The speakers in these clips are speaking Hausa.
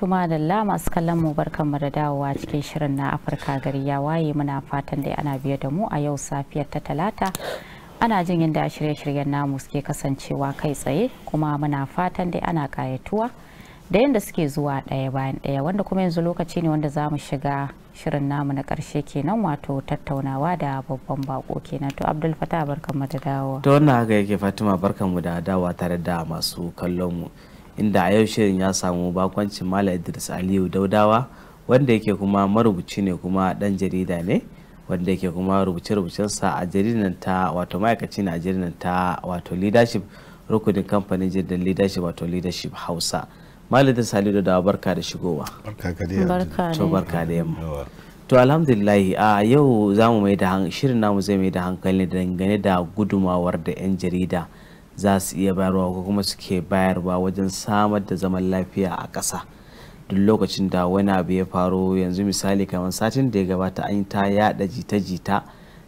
Tuma da la masu kallon mu barkan mu da dawowa cikin shirin na Afirka gari ya waye muna fatan dai ana biye da mu a yau safiyar ta talata ana jin yadda shirye-shiryen namu suke kasancewa kai tsaye kuma muna fatan dai ana kayatuwa da yadda suke zuwa ɗaya bayan ɗaya wanda kuma yanzu lokaci ne wanda za mu shiga shirin namu na karshe kenan wato tattaunawa da babban bako kenan to abdul fata mu da dawowa to wannan haka yake fatima barkan mu da dawowa tare da masu kallon mu inda a yau shirin ya samu bakoncin Malam Idris Aliyu Daudawa wanda yake kuma marubuci ne kuma dan jarida ne wanda yake kuma rubuce-rubucensa a jaridan ta wato ma'aikaci na jaridan ta wato leadership rukunin kamfanin jaridan leadership wato leadership hausa malam idris aliyu daudawa barka da shigowa barka da yamma to alhamdulillah a yau za mu mai da shirin namu zai mai da hankali dangane da gudumawar da 'yan jarida za su iya bayarwa ko kuma suke bayarwa wajen samar da zaman lafiya a ƙasa duk lokacin da wani abu ya faru yanzu misali kamar satin da ya gabata an ta yada jita-jita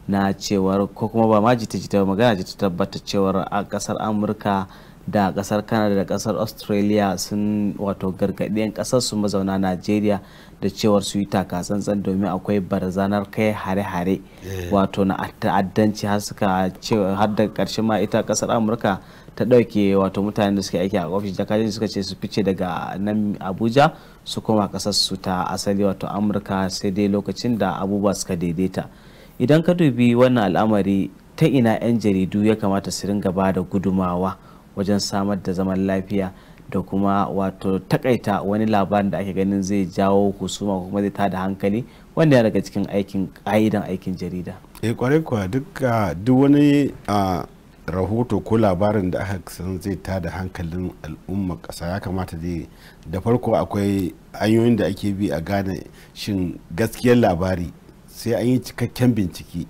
na cewar ko kuma ba ma jita-jita magana jita tabbata cewar a ƙasar amurka da kasar canada da kasar australia sun wato gargaɗi 'yan kasar su mazauna nigeria da cewar su yi tsantsan domin akwai barazanar kai hare-hare eh. wato na ta'addanci har suka har da karshe ma ita kasar amurka ta ɗauke wato mutanen da suke aiki a ofis jakajin suka ce su fice daga nan abuja su koma kasar su ta asali wato amurka sai dai lokacin da abubuwa suka daidaita idan ka dubi wannan al'amari ta ina 'yan jaridu ya kamata su ringa ba da gudumawa wajen samar da zaman lafiya da kuma wato takaita wani labarin da ake ganin zai jawo kusuma kuma zai tada hankali wanda ya daga cikin aikin ka'idan aikin jarida eh kwarai kuwa duk ah, wani ah, rahoto ko labarin da aka san zai tada hankalin al'umma ƙasa ya kamata dai da farko akwai hanyoyin da ake bi a gane shin gaskiyar labari sai an yi cikakken bincike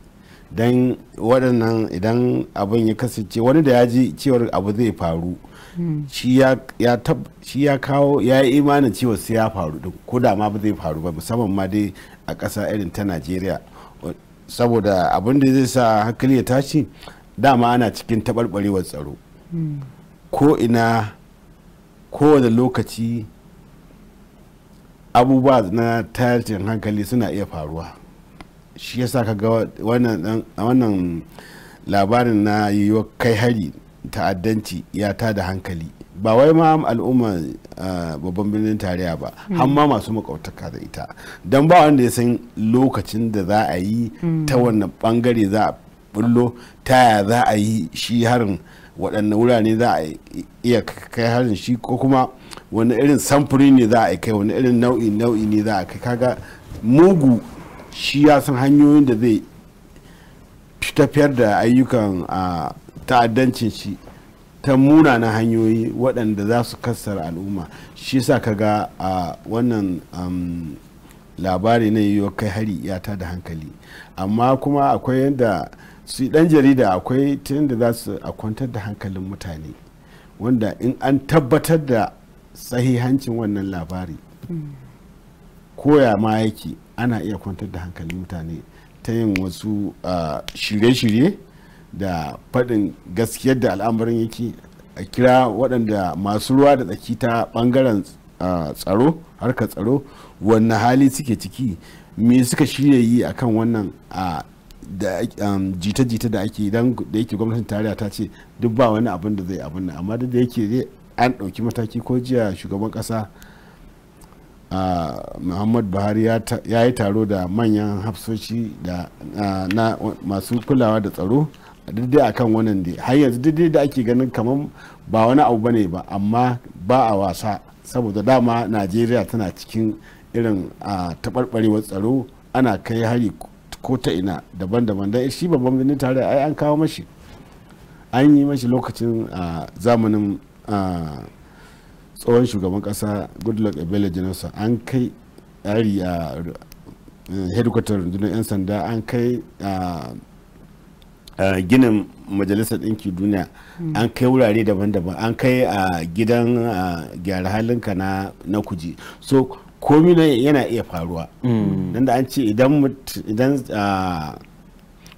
don waɗannan idan abin ya kasance wani da ya ji cewar abu zai faru hmm. shi ya kawo ya yi imanin cewa sai ya faru din ko da ma ba zai faru ba musamman ma dai a ƙasa irin ta najeriya saboda abin da zai sa hankali ya tashi dama ana cikin taɓarɓarewar tsaro hmm. ko ina kowane lokaci abubuwa na tashin hankali suna iya faruwa shi yasa ka ga wannan labarin na yiwuwa kai hari ta'addanci ya ta da hankali ba wai ma al'umma babban birnin tarayya ba hmm. ma masu makautaka da ita don ba wanda ya san lokacin da za a yi hmm. ta wannan bangare za a bullo ta ya za a yi shi harin waɗanne wurare za a iya kai harin shi ko kuma wani irin samfuri ne za a kai wani irin nau'i nau'i ne za a kai kaga mugu shi ya san hanyoyin da zai tafiyar da ayyukan a ta'addancin shi ta munanan hanyoyi waɗanda za su kassar al'umma shi sa ka ga a wannan labari na yiwuwa kai hari ta da hankali amma kuma akwai yadda su ɗan jarida akwai ta yadda za su akwantar kwantar da hankalin mutane wanda in an tabbatar da sahihancin wannan labari hmm. koya ma yake ana iya kwantar da hankali mutane ta yin wasu shirye-shirye da faɗin gaskiyar da al'amarin yake a kira waɗanda masu ruwa da tsaki ta ɓangaren tsaro harkar tsaro wannan hali suke ciki me suka shirya yi akan wannan um, jita-jita da ake idan da yake gwamnatin tarayya ta ce duk ba wani abin da zai abin amma duk da yake an ɗauki mataki ko jiya shugaban ƙasa Ah, muhammad buhari ya yi taro da manyan hafsoshi da ah, na masu kulawa da tsaro daidai a kan wannan da har yanzu daidai da ake ganin kamar ba wani abu bane ba amma ba a wasa saboda dama najeriya tana cikin irin ah, taɓarɓarewar tsaro ana kai hari ko ta ina daban-daban da shi babban birnin tare ai an kawo mashi an yi mashi lokacin zamanin tsohon shugaban kasa goodluck ebele jonathan an kai ari a eh, headquarter rundunar 'yan sanda an kai a ginin majalisar ɗinki duniya hmm. an kai wurare daban-daban an kai a gidan gyara halinka na kuji so komi yana iya faruwa nan hmm. da an ce idan idan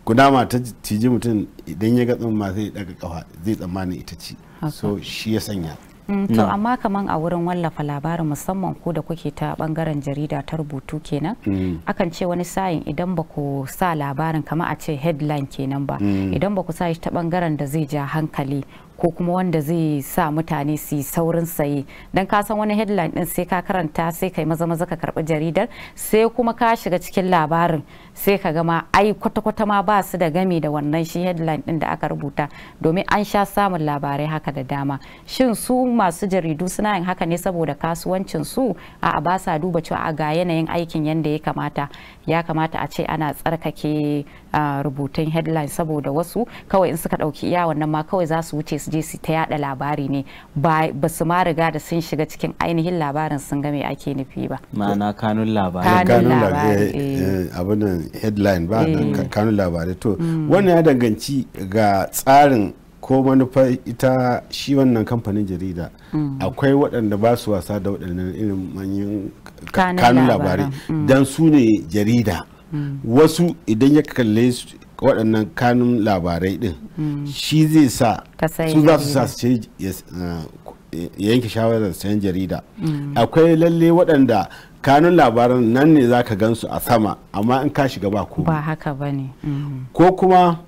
kudama ta ciji mutum idan ya ga tsamma zai daga kafa zai tsammani ita ce so shi ya sanya to amma kaman a wurin wallafa labarin musamman ko da kuke ta bangaren jarida ta rubutu kenan mm. akan ce wani sayin idan ba ku sa labarin kamar a ce headline kenan ba mm. idan ba ku sa shi ta bangaren da zai ja hankali ko kuma wanda zai sa mutane su yi saurin saye don ka san wani headline din sai ka karanta sai kai maza maza ka karbi jaridar sai kuma ka shiga cikin labarin sai ka gama ai kwata kwata ma ba su da gami da wannan shi headline din da aka rubuta domin an sha samun labarai haka da dama shin su masu jaridu suna yin haka ne saboda kasuwancin su a ba sa duba cewa a ga yanayin aikin yanda ya kamata ya kamata a ce ana tsarkake rubutun headline saboda wasu kawai in suka ɗauki iya wannan ma kawai za su wuce su je su ta yada labari ne ba su ma riga da sun shiga cikin ainihin labarin sun ga me ake nufi ba ma'ana kanun labari kanun labari eh, eh. eh, abin headline ba kanun labari to mm. wannan ya danganci ga tsarin ko manufa ita shi wannan kamfanin jarida mm. akwai waɗanda ba su wasa da waɗannan irin manyan kanun labarai mm. don su ne jarida mm. wasu idan ya kalle waɗannan kanun labarai ɗin shi zai sa su za su sa su yanke shawarar sayan jarida akwai lalle waɗanda kanun labaran nan ne za ka gansu a sama amma in ka shiga ba ko ba haka ba ne ko kuma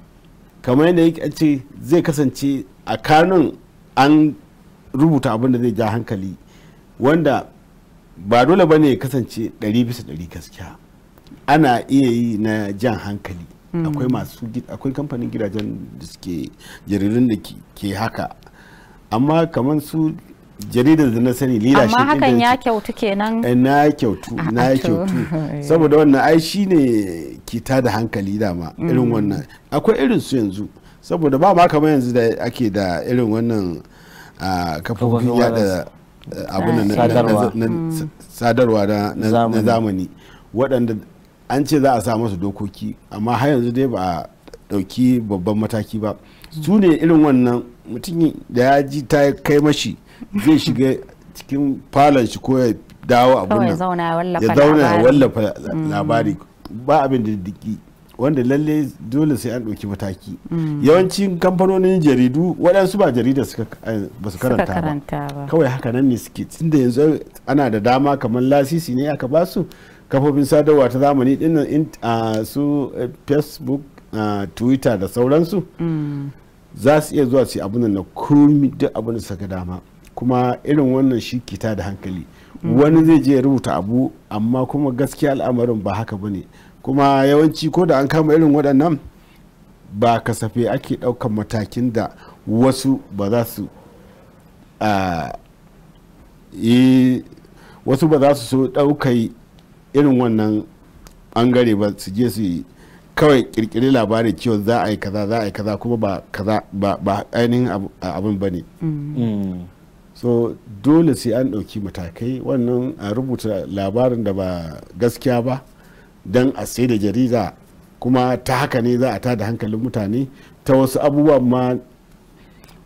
kamar yadda yake ce zai kasance a kanun an rubuta abin da zai ja hankali wanda ba dole ba ne ya kasance 100 bisa 100 gaskiya ana iya yi na jan hankali hmm. akwai masu akwai kamfanin gidajen da suke jaririn da ke haka amma kamar su jaridar da na sani shi amma hakan ya kyautu kenan eh, na kyautu ah, na kyautu saboda wannan ai shine kita da hankali dama irin mm. wannan akwai irin su yanzu saboda ba ma kamar yanzu da ake da irin wannan ah, kafofin yada eh, abin sadarwa na mm. zamani waɗanda an ce za a sa masu dokoki amma har yanzu dai ba a ɗauki babban mataki ba su ne irin wannan mutum da ya ji ta kai mashi zai shiga cikin falon shi ko ya dawo abun nan ya zauna ya wallafa mm. labari ba abin da diki wanda lalle dole sai an ɗauki mataki mm. yawancin kamfanonin jaridu waɗansu ba jarida eh, ba su karanta ba kawai haka nan ne suke tunda yanzu ana da dama kamar lasisi ne aka ba su kafofin sadarwa ta zamani a ah, su eh, facebook ah, twitter da sauransu mm. za su iya zuwa su abun nan na komi duk abin da suka dama kuma irin wannan shi kita da hankali wani zai je rubuta abu amma kuma gaskiya al'amarin ba haka bane kuma yawanci ko da an kama irin waɗannan ba kasafe ake ɗaukan matakin da wasu ba za su wasu ba za su so ɗaukai irin wannan bangare ba su je su yi kawai kirkiri labarin cewa za a yi kaza za a yi kaza kuma ba kaza ba ainihin abin ba ne mm. mm. so dole sai an ɗauki matakai wannan a rubuta labarin da ba gaskiya ba don a sai da jarida kuma ta haka ne za a da hankalin mutane ta wasu abubuwa ma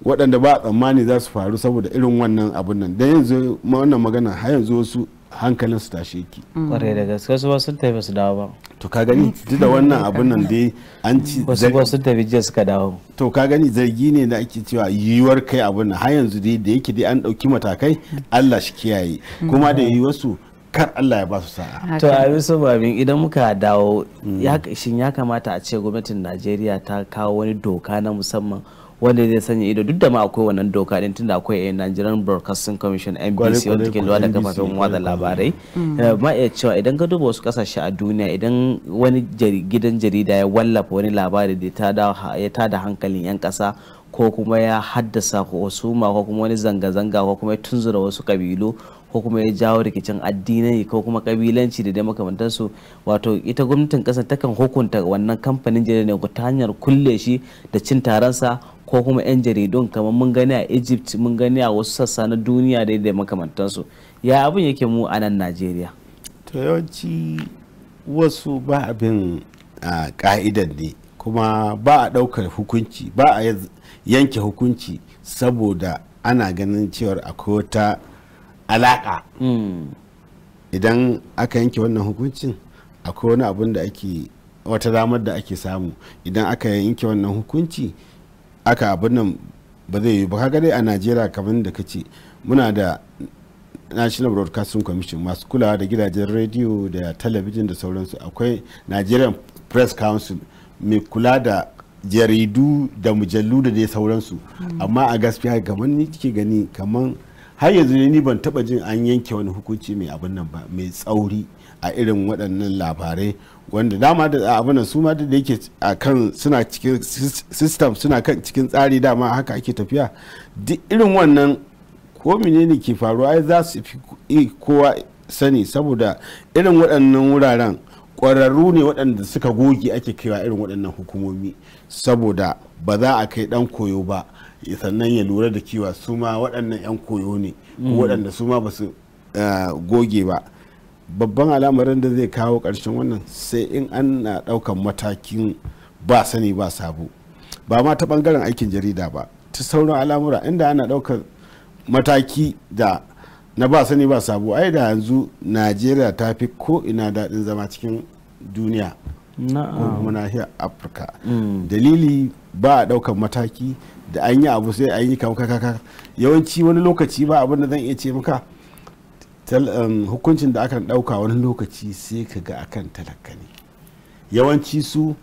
waɗanda ba a tsammani za su faru saboda irin wannan abun nan don yanzu wannan magana har yanzu wasu hankalin su tashe ki mm. kwarai da gaske su ba sun tafi su dawo ba to ka gani duk da wannan abun nan dai an ci wasu ba sun tafi jiya suka dawo to ka gani zargi ne da ake cewa yiwuwar kai abun nan har yanzu dai da yake dai an dauki matakai Allah shi kiyaye mm. kuma da yi wasu kar Allah ya ba su sa'a. To a ba babin idan muka dawo mm. shin ya kamata a ce gwamnatin Najeriya ta kawo wani doka na musamman wanda zai sanya ido duk da ma akwai wannan doka din tunda akwai a Nigerian Broadcasting Commission NBC wanda ke lura da kafafen watsa labarai mm. eh, ma iya cewa idan ka duba wasu kasashe a duniya idan wani gidan jarida ya wallafa wani labari da ya tada hankalin 'yan kasa ko kuma ya haddasa wasu ma ko kuma wani zanga-zanga ko kuma ya tunzura wasu kabilu ko kuma ya jawo rikicin addinai ko kuma kabilanci da dai makamantansu wato ita gwamnatin ta takan hukunta wannan kamfanin jirgin ne ta hanyar kulle shi da cin taransa ko kuma 'yan jaridun kamar mun gani a egypt mun gani a wasu sassa na duniya da da makamantansu ya abin yake mu a nan najeriya to yawanci wasu ba abin a ka'idan ne kuma ba a ɗaukar hukunci ba a yanke hukunci saboda ana ganin cewar akwai wata alaƙa hmm. idan aka yanke wannan hukuncin akwai wani abin da ake wata damar da ake samu idan aka yanke wannan hukunci aka abin nan ba zai yi ba kaga dai a najeriya kamar da kace muna da national broadcasting commission masu kulawa da gidajen rediyo da talabijin da sauransu akwai nigerian press council mai kula da jaridu da mujallu da dai sauransu hmm. amma a gaskiya kamar ni kike gani kamar har yanzu ne ni ban taba jin an yanke wani hukunci mai abin nan ba mai tsauri a irin waɗannan labarai wanda dama da abin nan su ma da yake a kan suna cikin system suna kan cikin tsari dama haka ake tafiya duk irin wannan ko menene ke faruwa ai za su fi kowa sani saboda irin waɗannan wuraren ƙwararru ne waɗanda suka goge ake kaiwa irin waɗannan hukumomi saboda ba za a kai ɗan koyo ba sannan ya lura da kiwa su ma waɗannan 'yan koyo ne mm. waɗanda su ma ba su eh, goge ba babban al'amarin da zai kawo ƙarshen wannan sai in an na ɗaukan matakin ba sani ba sabo ba ma ta ɓangaren aikin jarida ba ta sauran al'amura inda ana ɗaukar mataki da na ba sani ba sabo ai da yanzu najeriya ta fi ko ina daɗin zama cikin duniya ko kuma nahiyar afirka mm. dalili ba a ɗaukar mataki da an yi abu sai an yi kaka yawanci wani lokaci ba abin da zan iya ce maka um, hukuncin da akan ɗauka wani lokaci sai ka ga akan talaka ne yawanci su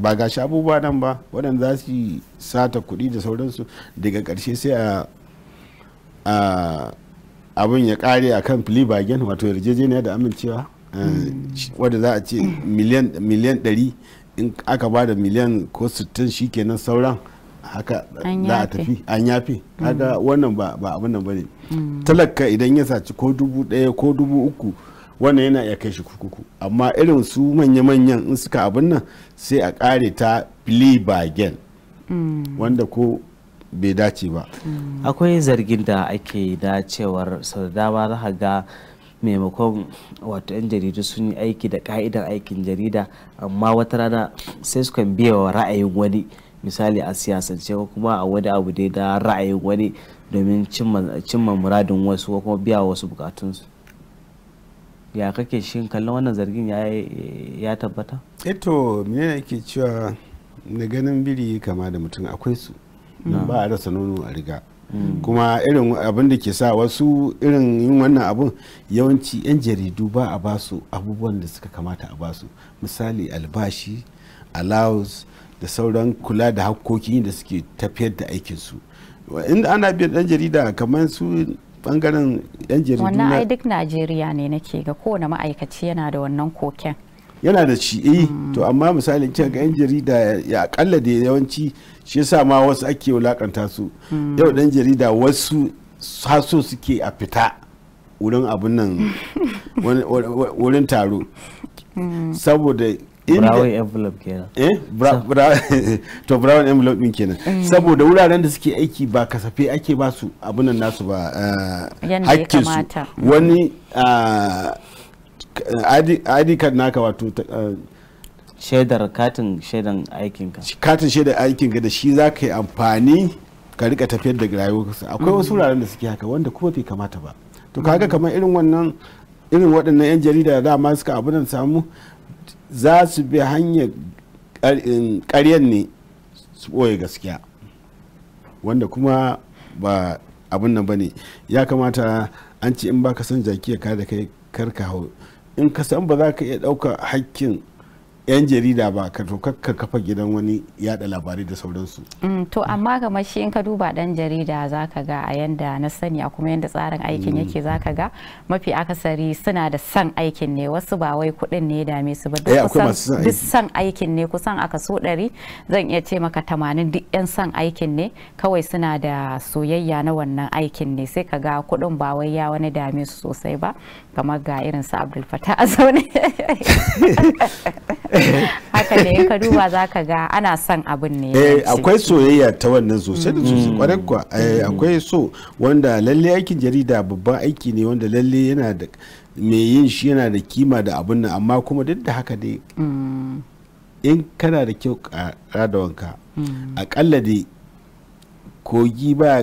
ba ga abubuwa nan ba waɗanda za su sata kuɗi da sauransu daga ƙarshe sai a abin ya ƙare a kan filibagen wato yarjejeniya da amincewa eh, mm. wadda za a ce miliyan ɗari in aka ba da miliyan ko 60 kenan sauran haka za a tafi an yafi kaga mm. wannan ba abin nan bane mm. talaka idan ya saci ko dubu daya ko dubu uku wannan yana iya kai shi kurkuku amma irin su manya-manyan in suka abin nan sai a kare ta plea bargain mm. wanda ko bai dace ba akwai zargin da ake da cewar sau da dama za ga maimakon wato 'yan jaridu sun yi aiki da ka'idar aikin jarida amma wata rana sai sukan biya wa ra'ayin wani misali a siyasance ko kuma a wani abu dai da ra'ayin wani domin cimma muradin wasu ko kuma biya wasu bukatunsu ya kake shi kallon wannan zargin ya tabbata? eto eh mene ne ke cewa na ganin biri kama da mutum akwai su ba a rasa nono a riga mm. kuma irin abin da ke sa wasu irin yin wannan abun yawanci 'yan jaridu ba a basu abubuwan da suka kamata a basu misali albashi allows da sauran kula da hakkokin da suke tafiyar da aikinsu inda ana biyan dan jarida kamar su bangaren yan jaridu wannan ai duk najeriya ne nake ga kowane ma'aikaci yana da wannan koken yana da shi eh mm. to amma misalin cewa ga yan jarida ya akalla da yawanci shi yasa ma wasu ake wulakanta su mm. yau dan jarida wasu haso suke a fita wurin abun nan wurin taro mm. saboda brown envelope kenan eh to brown envelope din kenan mm. saboda wuraren da suke aiki ba kasafe ake ba su abunan nasu ba eh, hakkin su wani eh, id card naka wato eh, shaidar katin shaidan aikinka katin shaidar aikinka da shi za ka yi amfani ka rika tafiyar da rayuwarsa akwai mm. wasu wuraren da suke haka wanda kuma bai kamata ba to kaga mm. kamar irin wannan irin waɗannan 'yan jarida da dama suka abu nan samu za su bi hanyar ƙaryan ne su ɓoye gaskiya wanda kuma ba abin nan ba ne ya kamata an ci in ba ka san jaki ya kada kai karka hau in ka san ba za ka iya ɗauka hakkin yan jarida ba ka to ka kafa gidan wani yada labarai da sauransu mm, to amma ga shi in ka duba dan jarida za ka ga a yanda na sani a kuma yanda tsarin aikin yake za ka ga mafi akasari suna da san aikin ne wasu ba wai kudin ne dame su ba duk eh, san aikin ne kusan aka so ɗari zan iya ce maka tamanin duk yan san aikin ne kawai suna da soyayya na wannan aikin ne sai ka ga kuɗin ba wai ya wani dame su sosai ba kamar ga irin su Abdul Fattah a zaune haka ne ka duba za ka ga ana son abin ne eh akwai soyayya ta wannan sosai da sosai kwarai kuwa eh, akwai so wanda lalle aikin jarida babban aiki ne wanda lalle yana da me yin shi yana da kima da abin nan amma kuma duk da haka dai mm. in kana da kyau kara da wanka mm. akalla dai kogi ba ya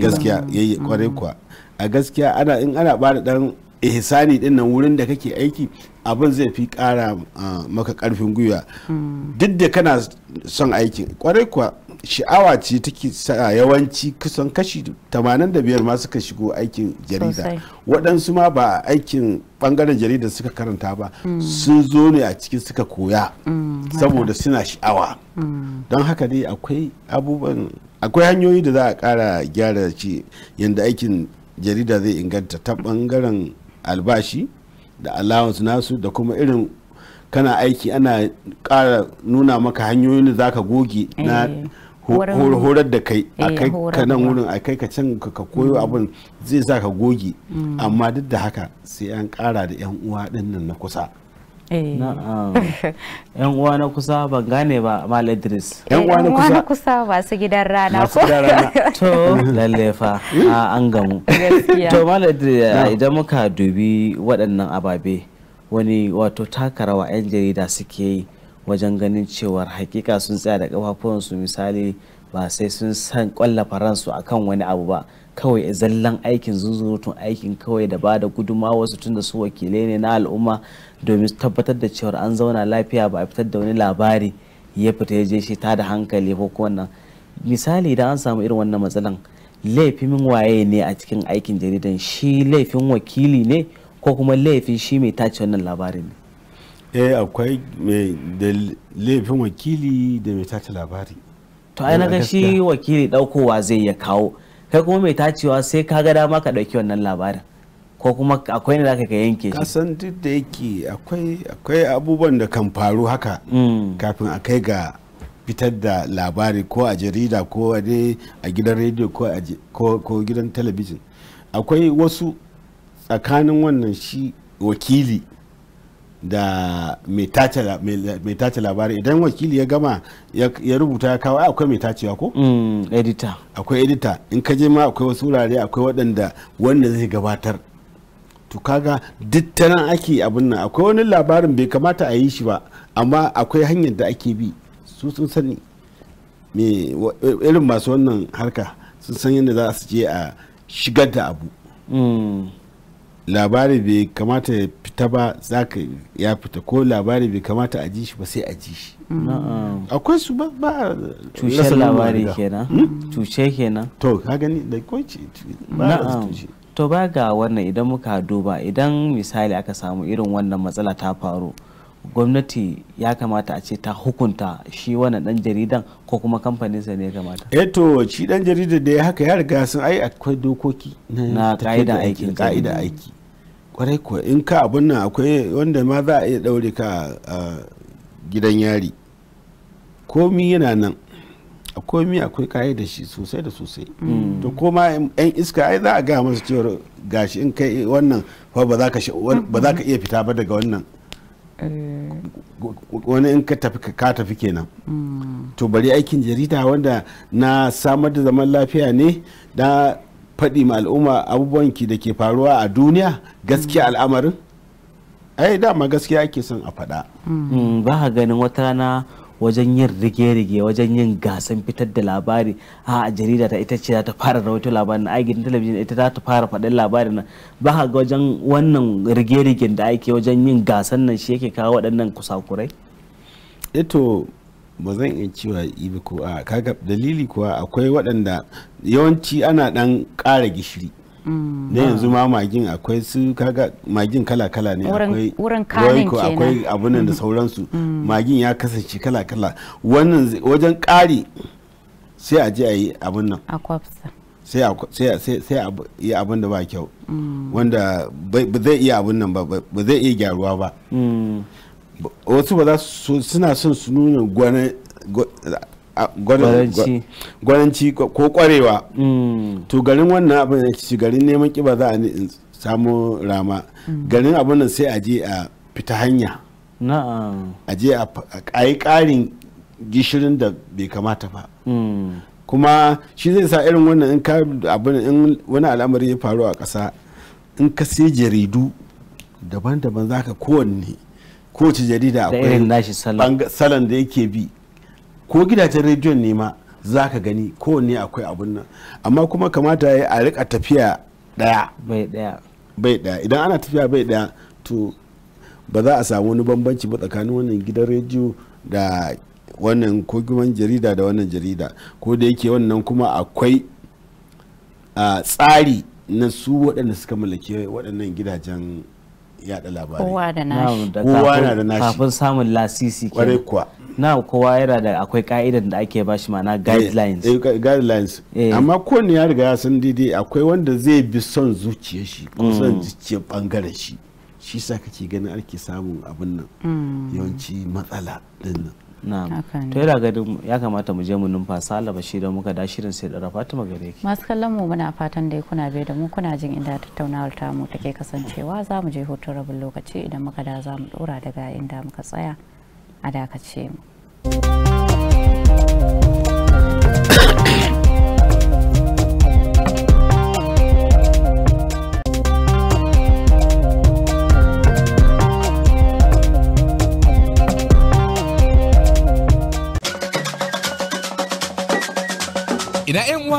gaskiya kwarai mm. kuwa a gaskiya ana in ana bada dan ihsani din nan wurin da kake aiki abin zai fi kara ah, maka karfin gwiwa hmm. duk da kana son aiki kwarai kuwa sha'awa ce take sa yawanci kusan kashi 85 ma suka shigo aikin jarida waɗansu ma ba aikin ɓangaren jarida suka karanta ba hmm. sun zo ne a cikin suka koya hmm, saboda suna sha'awa don haka dai akwai abubuwan akwai hanyoyi da za a kara gyara ce yadda aikin jarida zai inganta ta ɓangaren. albashi da allowance nasu da kuma irin kana aiki ana ƙara nuna maka hanyoyin da za ka goge na eh, horar da kai a eh, kai ka nan wurin a kai ka can ka koyo mm. abin zai sa ka goge mm. amma duk da haka sai an ƙara da 'yan uwa ɗin na kusa Eh. yan uwa na kusa ban gane ba mal idris yan uwa na kusa masu gidan rana ko to lalle fa an gamu to mal idris idan muka dubi waɗannan ababe wani wato takarawa yan jarida suke yi wajen ganin cewar hakika sun tsaya da kafafuwansu misali ba sai sun san kwallafa ransu kan wani abu ba kawai zallan aikin zuzurutun aikin kawai da ba da guduma wasu tun da su wakilai ne na al'umma domin tabbatar da cewar an zauna lafiya ba a fitar da wani labari ya fita ya je shi ta da hankali ko wannan misali idan an samu irin wannan matsalan laifin waye ne a cikin aikin jaridan shi laifin wakili ne ko kuma laifin shi mai tace wannan labarin ne eh akwai da laifin wakili da mai tace labari to ai na wakili daukowa zai ya kawo kai kuma mai tacewa sai ka ga dama ka dauki wannan labarin ko kuma akwai ne da ka yanke shi kasan duk da yake akwai akwai abubuwan da kan faru haka mm. kafin a kai ga fitar da labari ko a jarida ko a a gidan rediyo ko gidan talabijin akwai wasu tsakanin wannan shi wakili da mai tace labari idan wakili ya gama ya rubuta ya kawo akwai mai tacewa ko? Mm, edita akwai edita in ka je ma akwai wasu wurare akwai waɗanda wanda zai gabatar to kaga duk ta nan ake abin nan akwai wani labarin bai kamata a yi shi ba amma akwai hanyar da ake bi su sun sani irin masu wannan harka sun san yadda za su je a shigar da abu mm. labari bai kamata ya fita ba zaka ya fita ko labari bai kamata a ji shi ba sai a ji shi akwai su ba ba tushen labari kenan hmm? tushe kenan to ka gani da kwanci ba tushe to ba ga wannan idan muka duba idan misali aka samu irin wannan matsala ta faru gwamnati ya kamata a ce ta hukunta shi wannan dan jaridan ko kuma kamfaninsa ne ya kamata eh to shi dan jaridan da ya haka ya riga sun ai akwai dokoki na ka'ida aiki ka'ida aiki kwarai kuwa in ka abun nan akwai wanda ma za a iya daure ka a gidan yari komi yana nan a komi akwai kayi da shi sosai da sosai mm. to koma yan iska ai za a gaya masu cewar gashi in kai wannan fa ba za ka iya fita ba daga wannan eh. wani in ka tafi ka tafi kenan mm. to bari aikin jarida wanda na samar da zaman lafiya ne da faɗi ma al'umma abubuwan ki da ke faruwa a duniya gaskiya mm. al'amarin ai dama gaskiya ake son a faɗa mm, ba ka ganin wata rana wajen yin rige-rige wajen yin gasan fitar da labari a jarida ta ita ce za ta fara rahoto labarin na gidan talabijin ita za ta fara faɗin labarin nan ba ka ga wajen wannan rige-rigen da ake wajen yin gasan nan shi yake kawo waɗannan kusakurai? ito eh ba zan iya cewa ibi ko a kaga dalili kuwa akwai waɗanda yawanci ana ɗan ƙara gishiri mm, na yanzu ah. ma magin akwai su kaga magin kala-kala ne akwai roiko akwai abunan da mm. sauransu mm. magin ya kasance kala-kala wannan wajen ƙari sai a je a yi abun nan sai a yi abun da ba kyau wanda ba zai iya abun nan ba ba zai iya gyaruwa ba wasu ba za su suna son su nuna gwananci ko kwarewa mm. to garin wannan abin da ci garin neman kiba za a samu rama mm. garin abin nan sai a je a fita hanya a je a yi karin gishirin da bai kamata ba mm. kuma shi zai sa irin wannan in abin in wani al'amari ya faru a ƙasa in ka sai jaridu daban-daban za ka kowanne kowace jarida akwai salon da yake bi ko gidajen rediyon ne ma za ka gani kowanne akwai abun nan amma kuma kamata ya a rika tafiya daya bai daya idan ana tafiya bai daya to ba za a samu wani bambanci ba tsakanin wannan gidan rediyo da wannan ko jarida da wannan jarida ko da yake wannan kuma akwai ah, tsari na su waɗanda suka mallake waɗannan gidajen yada labari kowa da nashi kowa na da nashi kafin samun lasisi kwarai kuwa na kowa yana da akwai ka'idan da ake ba shi mana eh, guidelines eh, guidelines eh. amma kowane ya riga ya san daidai akwai wanda zai bi son zuciyar shi ko son mm. zuciya bangaren shi shi sa kake ganin ake samun abin nan mm. yawanci matsala din nan to yana ganin ya kamata mu je mu numfasa Allah shi da muka da shirin sai da Fatima gare ki masu kallon mu muna fatan da ya kuna bai da mu kuna jin inda tattaunawar ta mu take kasancewa za mu je hutun rabin lokaci idan muka da za mu dora daga inda muka tsaya a dakace mu thank you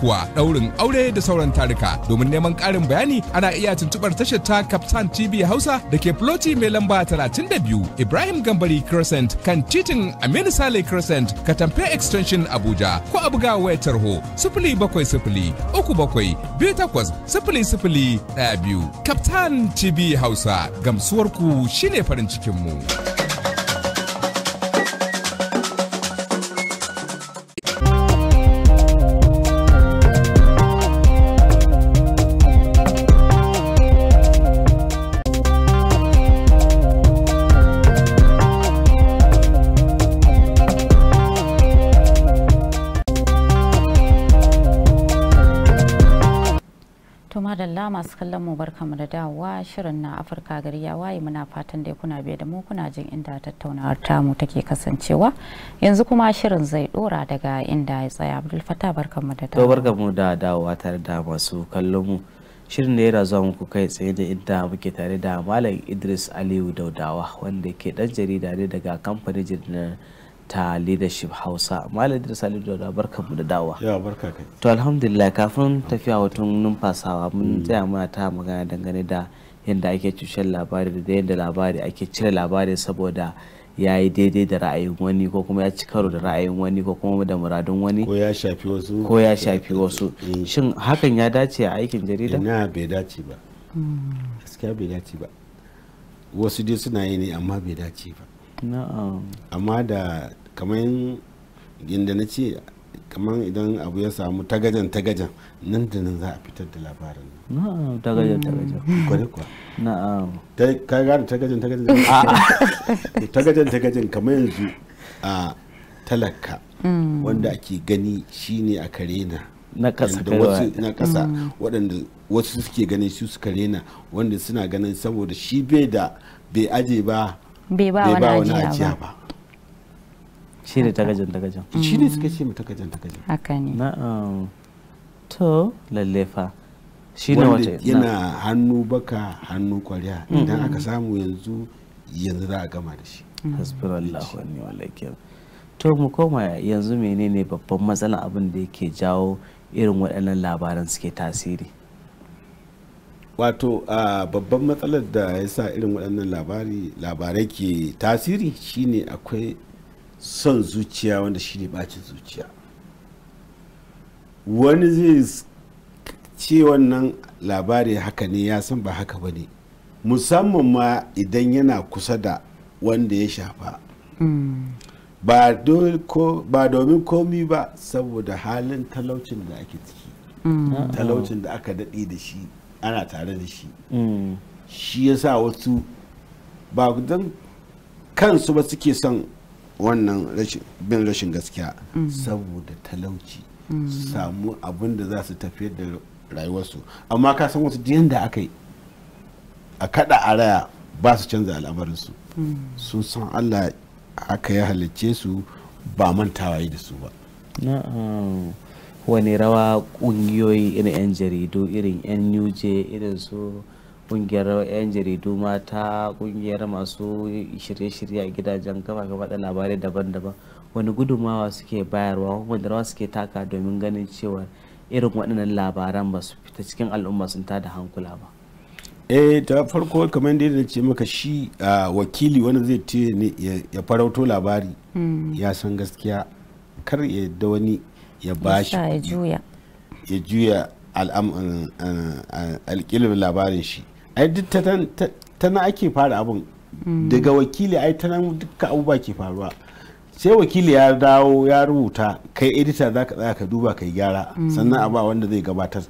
Kuwa daurin aure da sauran tarika domin neman karin bayani ana iya tuntubar tashar ta captain tv hausa da ke floti mai lamba 32 ibrahim gambari crescent kan titin aminu sale crescent katamfe extension abuja ko a buga wayar tarho 070 captain tv hausa gamsuwar ku shine farin cikin mu masu kallon mu barkamu da dawowa shirin na Afirka gari ya waye muna fatan dai kuna biye da mu kuna jin inda tattaunawar tamu take kasancewa yanzu kuma shirin zai dora daga inda ya tsaya Abdul bar kamar da dawowa. bar kamar da dawowa tare da masu kallon mu shirin da ya razuwa muku kai tsaye da inda muke tare da Malam Idris Aliyu Daudawa wanda ke dan jarida ne daga kamfanin jirgin ta leadership hausa malam idris ali da barka mu da dawa ya barka kai to alhamdulillah kafin tafiya watan numfasawa mun hmm. tsaya muna ta magana dangane da yadda ake cushen labari da yadda labari ake cire labari saboda ya yi daidai da ra'ayin wani ko kuma ya ci karo da ra'ayin wani ko kuma da muradun wani ko ya shafi wasu ko ya shafi wasu hmm. shin hakan ya dace a aikin jarida ina bai dace ba hmm. gaskiya bai dace ba wasu dai suna yi ne amma bai dace ba amma da kamar yadda na ce kamar idan abu ya samu tagajan tagajan nan da nan za a fitar da labarin na'am tagajan tagajan mm. kwari kwa na'am ka gane tagajan tagajan a tagajan tagajan kamar yanzu a talaka mm. wanda ake gani shine a karena na kasa na kasa mm. waɗanda wasu suke ganin su suka rena wanda suna ganin saboda shi bai da bai aje ba bai ba wani ajiya ba shi ne tagajin tagajin mm. shi ne suka ce mu tagajin tagajin haka ne na'am to lallefa shi ne wace yana hannu baka hannu kwarya mm. idan aka samu yanzu yanzu za a gama da shi mm. hasbirallahu wa ni'mal wakil to mu koma yanzu menene babban matsalan abin da yake jawo irin waɗannan labaran suke tasiri wato babban matsalar da ya sa irin waɗannan labarai ke tasiri shine akwai son zuciya wanda shine bacin zuciya wani zai ce wannan labari haka ne ya san ba haka ba ne musamman ma idan yana kusa da wanda ya shafa hmm. ba domin komi ba saboda halin talaucin da ake ciki hmm. talaucin da aka daɗe da shi ana tare da shi mm. shi ya sa wasu ba don kansu ba suke son wannan bin rashin gaskiya mm. saboda talauci mm. samu abin da za su tafiyar da rayuwarsu amma ka san wasu jiyan da aka yi a kada a raya ba su canza al'amarinsu sun san allah haka ya halicce su ba mantawa yi da su ba wani rawa kungiyoyi irin 'yan jaridu irin nuje irin su kungiyar 'yan jaridu mata kungiyar masu shirye-shirye a gidajen gaba da labarai daban-daban wani gudunmawa suke bayarwa kuma rawa suke taka domin ganin cewa irin waɗannan labaran ba su fita cikin al'umma sun ta da hankula ba eh ta farko kamar da yadda ce maka shi wakili wani zai ce ya farauto labari hmm. ya san gaskiya kar ya da wani ya bashi ya juya ya juya eh, eh, eh, alƙilin labarin shi ai duk ta na ake fara abin mm. daga wakili ai ta nan duka abubuwa ke faruwa sai wakili ya dawo ya rubuta kai edita za ka tsaya ka duba kai gyara mm. sannan a ba wanda zai gabatar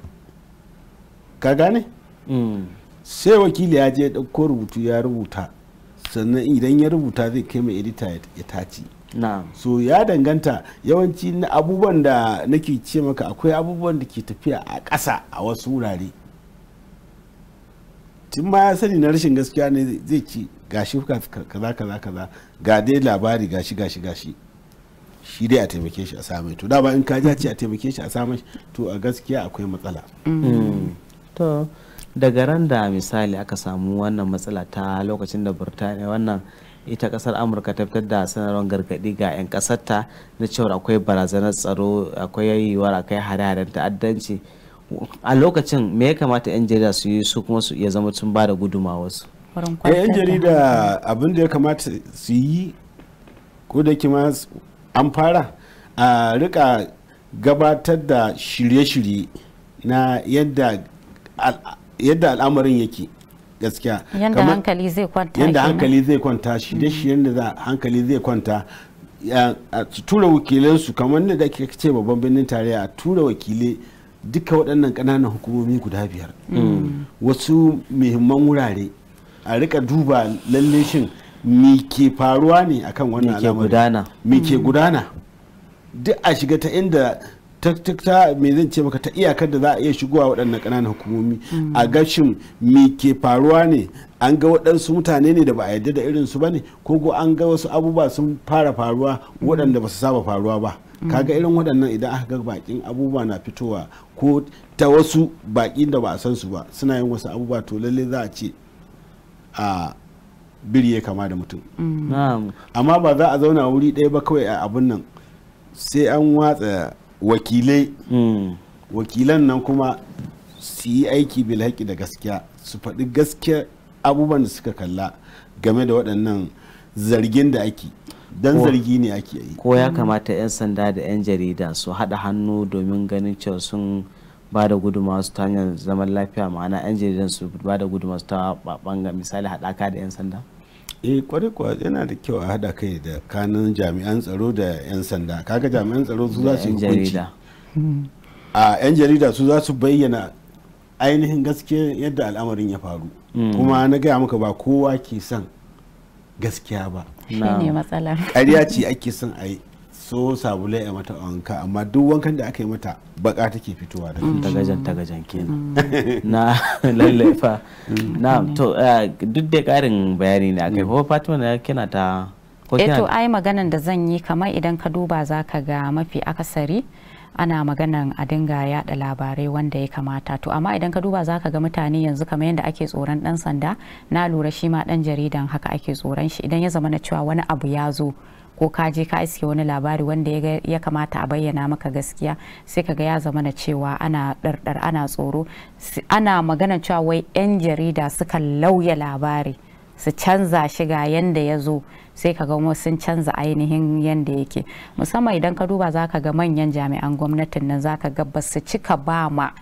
ka gane mm. sai wakili ya je ɗauko rubutu ya rubuta sannan idan ya rubuta zai kai mai edita ya taci so ya danganta yawanci na abubuwan da nake ce maka akwai abubuwan da ke tafiya a ƙasa a wasu wurare tun ma ya sani na rashin gaskiya ne zai ci gashi kaza kaza kaza ga dai labari gashi gashi gashi shi dai a taimake shi a samun to dama in ka ce a taimake shi a samun to a gaskiya akwai matsala mm. to daga ran da misali aka samu wannan matsala ta lokacin da burtaniya wannan ita kasar amurka ta fitar da sanarwar gargaɗi ga 'yan kasarta na cewar akwai barazanar tsaro akwai yiwuwar akai hare-haren ta'addanci a lokacin me ya kamata 'yan jarida su yi su kuma su iya zama tun ba da guduma wasu. yan jarida abin da ya kamata su yi ko da kima an fara a rika gabatar da shirye-shirye na yadda al'amarin yake gaskiya yanda hankali zai kwanta yanda hankali zai kwanta shi da shi mm-hmm. yanda za hankali zai kwanta a tura wakilansu kamar da ake ce babban birnin tarayya a tura wakilai duka waɗannan ƙananan hukumomi guda biyar mm. wasu muhimman wurare a rika duba lalle shin me ke faruwa ne akan wannan al'amari me ke mm. gudana duk a shiga ta inda ta ta me zan ce maka ta iyakar da za a iya shigowa waɗannan ƙananan hukumomi hmm. a gashin me ke faruwa ne an ga waɗansu mutane ne da ba a yarda da irin su ba ne ko ko an ga wasu abubuwa sun fara faruwa waɗanda ba su saba faruwa ba hmm. kaga irin waɗannan idan aka ga bakin abubuwa na fitowa ko ta wasu bakin da ba a san su ba suna yin wasu abubuwa to lalle za a ce a biri ya kama da mutum hmm. amma ba za a zauna wuri ɗaya ba kawai a abun nan sai an watsa wakilai hmm. wakilan nan kuma su yi aiki bilhaki da gaskiya su faɗi gaskiya abubuwan da suka kalla game da waɗannan zargin da ake don zargi ne ake yi ko ya kamata 'yan sanda da 'yan jarida su haɗa hannu domin ganin cewa sun ba da guduma su ta hanyar zaman lafiya ma'ana 'yan jaridan su ba da guduma su ta ɓangaren misali haɗaka da 'yan sanda eh kwarai kuwa yana da kyau a hada kai da kanun jami'an tsaro da 'yan sanda kaga jami'an tsaro su za su hukunci a 'yan jarida su za su bayyana ainihin gaskiya yadda al'amarin ya faru mm. kuma na gaya maka ba kowa ke son gaskiya ba ne matsala ƙarya ce ake son a yi so sabulai a mata wanka amma duk wankan da aka yi mata baka take fitowa da tagajan tagajan kenan mm. na lallaifa mm. na mm. to eh, duk da karin bayani ne akai ko fatima na kina ta ko eh, to ai maganan da zan yi kamar idan ka duba zaka ga mafi akasari ana maganan a dinga yada labarai wanda ya kamata to amma idan ka duba zaka ga mutane yanzu kamar yadda ake tsoron dan sanda na lura shi ma dan jaridan haka ake tsoron shi idan ya zama na cewa wani abu ya zo ko ka je ka iske wani labari wanda ya kamata a bayyana maka gaskiya sai ka ga ya zama na cewa ana ɗarɗar ana tsoro ana magana cewa wai 'yan jarida suka lauya labari su canza shi ga yanda ya zo sai ka ga sun canza ainihin yanda yake musamman idan ka duba za ka ga manyan jami'an gwamnatin nan za ka ga ba su cika ba ma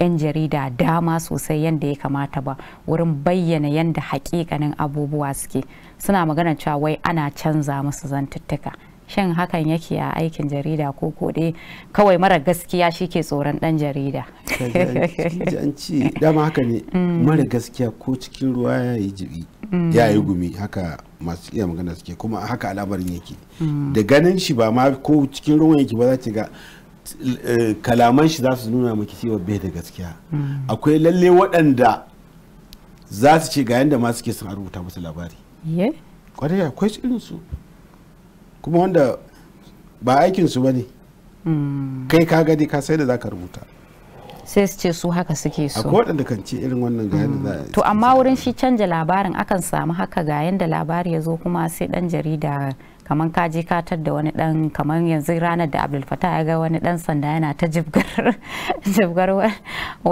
'yan jarida dama sosai yadda ya kamata ba wurin bayyana yadda hakikanin abubuwa suke suna magana cewa wai ana canza musu zantuttuka shin hakan yake a aikin jarida ko kode kawai mara gaskiya shi ke tsoron dan jarida an dama haka ne mm. mara gaskiya ko cikin ruwa ya yi jiri mm. ya yi gumi haka masu iya magana suke kuma haka al'amarin yake mm. da ganin shi ba ma ko cikin ruwan yake ba za ki ga kalaman shi za su nuna maki cewa bai da gaskiya hmm. akwai lalle waɗanda za su ce ga yadda ma suke sun rubuta musu labari kwarai akwai irin su kuma wanda ba aikin su bane hmm. kai ka gadi ka sai da za ka rubuta sai su ce su haka suke so akwai waɗanda kan ce irin wannan ga yadda hmm. to amma wurin shi canja labarin akan samu haka ga yadda labari ya zo kuma sai dan jarida kamar ka je katar da wani dan kamar yanzu ranar da abdul fata ya ga wani dan sanda yana ta jibgar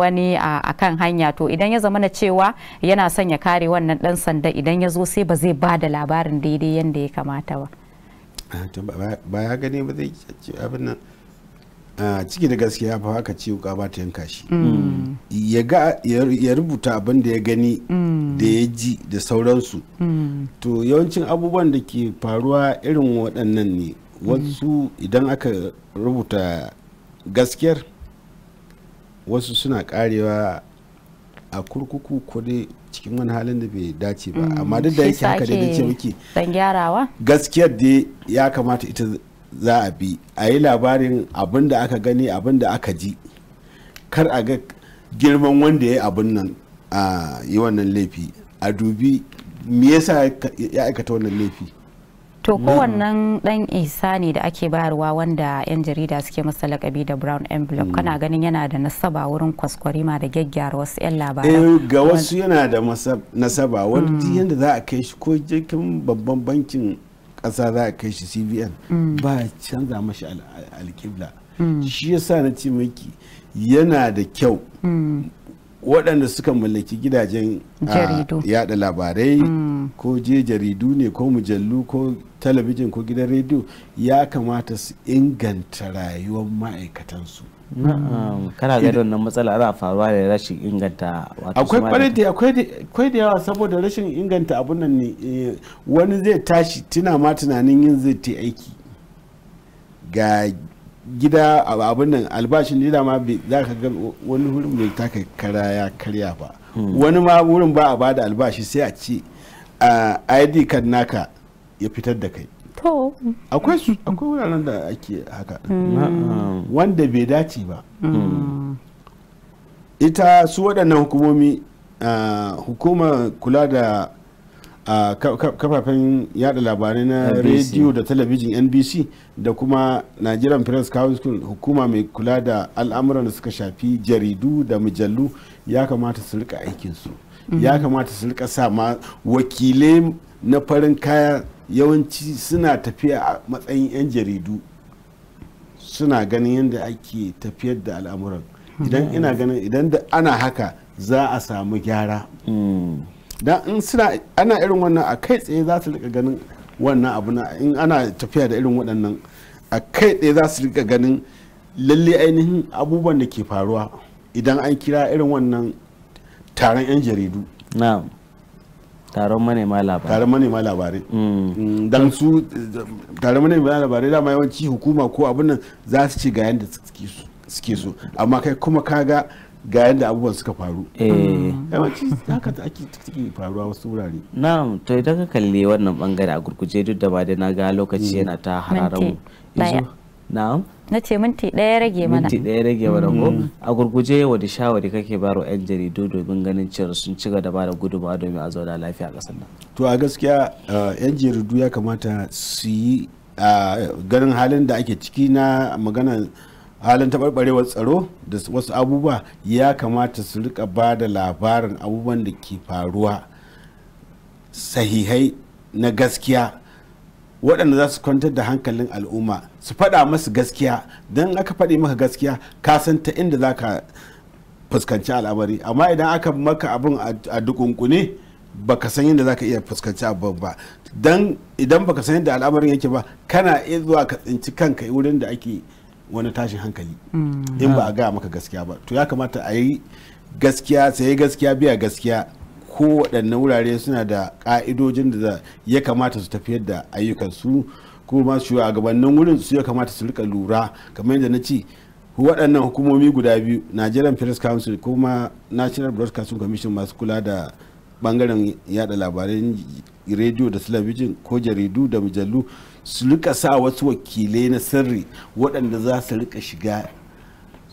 wani a kan hanya to idan ya zama na cewa yana son ya kare wannan dan sanda idan ya zo sai ba zai ba da labarin daidai yadda ya kamata ah, ba ba ya gani ba zai abin nan ciki da gaskiya fa haka ciwo wuka ba ta yanka shi mm. ya ga ya rubuta abin da ya gani mm. da ya ji da sauransu mm. to yawancin abubuwan da ke faruwa irin waɗannan ne wasu idan aka rubuta gaskiyar wasu suna karewa a kurkuku ko dai cikin wani halin da bai dace ba amma duk da yake haka da ce muke gaskiyar da ya kamata ita za a bi a yi labarin abin da aka gani abin da aka ji kar a ga girman wanda ya yi abin nan a yi wannan laifi a dubi me yasa ya aikata wannan laifi to mm. kowannan dan isa ne da ake bayarwa wanda yan jarida suke masa lakabi da brown envelope mm. kana ganin yana da nasaba wurin kwaskwarima da gyaggyara wasu yan labarai eh, ga wasu yana da nasaba wani mm. yadda za a kai shi ko jikin babban bankin ƙasa za a kai shi cbn mm. ba a canza mashi alkibla mm. shi yasa na ce maki yana da kyau mm. waɗanda suka mallaki gidajen ah, yada labarai ko je jaridu ne ko mujallu ko talabijin ko gidan rediyo ya kamata su inganta rayuwar ma'aikatansu kana ga wannan matsala ana faruwa da rashin inganta akwai kwarai akwai da yawa saboda rashin inganta abun nan ne eh, wani zai tashi tuna ma tunanin yin zai ta aiki ga gida abun nan albashin gida ma za ka ga wani wurin bai taka kara ya karya ba hmm. wani ma wurin ba a bada albashi sai a ce ah, id card naka ya fitar da kai to akwai su wuraren da ake haka mm. um, wanda bai dace ba mm. ita su waɗannan hukumomi uh, hukumar kula da uh, kafafen yada labarai na rediyo da talabijin nbc da kuma nigerian press council hukuma mai kula da al'amuran da suka shafi jaridu da mujallu ya kamata su rika aikinsu mm. ya kamata su rika sa ma wakilai na farin kaya yawanci suna tafiya a matsayin 'yan jaridu suna ganin yadda ake tafiyar da al'amuran idan ina hmm. ganin idan da ana haka za a samu gyara hmm. dan in suna ana irin wannan a kai tsaye za su rika ganin wannan abu na in ana tafiya da irin waɗannan a kai tsaye za su rika ganin lalle ainihin abubuwan da ke faruwa idan an kira irin wannan taron 'yan jaridu taron manema labarai taron manema labarai mm. Mm, dan su taron manema labarai dama yawanci hukuma ko abin nan za su ci ga yanda suke so amma kai kuma kaga ga yanda abubuwan suka faru eh. mm. yawanci haka ta ake take faruwa wasu wurare na'am to idan ka kalli wannan bangare a gurguje duk da ba da na ga lokaci yana ta hararau. na'am na ce minti ɗaya rage mana minti ɗaya rage mana ko mm. a gurguje wa da shawari kake baro yan jaridu domin ganin cewa sun ci da bada guduma domin a zauna lafiya a ƙasar nan to a gaskiya yan uh, jaridu ya kamata su yi uh, ganin halin da ake ciki na magana halin taɓarɓarewar tsaro da wasu abubuwa ya kamata su rika ba da labarin abubuwan da ke faruwa sahihai na gaskiya waɗanda za su kwantar da hankalin al'umma su faɗa masu gaskiya don aka faɗi maka gaskiya ka san ta inda za ka fuskanci al'amari amma idan aka maka abin a dukunkune ka san yadda za ka iya fuskanci abin ba don idan ba ka san yadda al'amarin yake ba kana iya zuwa ka tsinci kanka wurin da ake wani tashin hankali hmm. in ba a gaya maka gaskiya ba to ya kamata a yi gaskiya sai gaskiya biya gaskiya ko waɗannan wurare suna da ƙa'idojin da ya kamata su tafiyar da ayyukansu kuma shugabannin wurin su ya kamata su rika lura kamar yadda na ce waɗannan hukumomi guda biyu nigerian press council kuma national broadcasting commission masu kula da bangaren yada labaran rediyo da talabijin ko jaridu da mujallu su rika sa wasu wakilai na sirri waɗanda za su rika shiga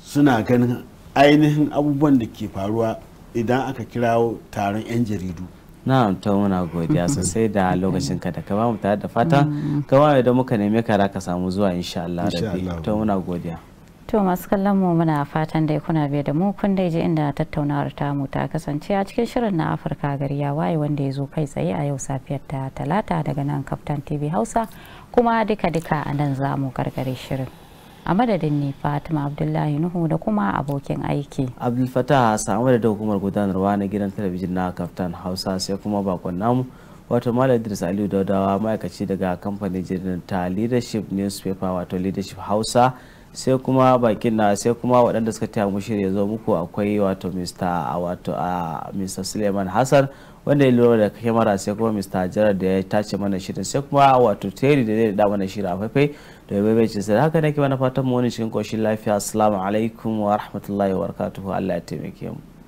suna ganin ainihin abubuwan da ke faruwa idan aka kirawo taron 'yan jaridu na'am ta muna godiya sosai da lokacin ka da ka bamu da fata ka ba da muka neme ka ka samu zuwa insha Allah ta muna godiya to masu kallon mu muna fatan da kuna biye da mu kun dai je inda tattaunawar tamu ta kasance a cikin shirin na Afirka gari ya waye wanda ya zo kai tsaye a yau safiyar ta talata daga nan Kaftan TV Hausa kuma duka duka a nan za mu karkare shirin a madadin ne fatima abdullahi nuhu da kuma abokin aiki abdulfatah samu da hukumar gudanarwa na gidan talabijin na kaftan hausa sai kuma bakon namu wato malam idris aliyu daudawa ma'aikaci daga kamfanin jirgin ta leadership newspaper wato leadership hausa sai kuma bakin na sai kuma waɗanda suka taya mu shirya zo muku akwai wato mr wato a mr suleiman hassan wanda ya lura da kyamara sai kuma mr jarar da ya tace mana shirin sai kuma wato teri da zai da mana shirin a faifai da maimacin sa haka nake mana fatan mu wani cikin koshin lafiya assalamu alaikum wa rahmatullahi wa barakatuhu Allah ya taimake mu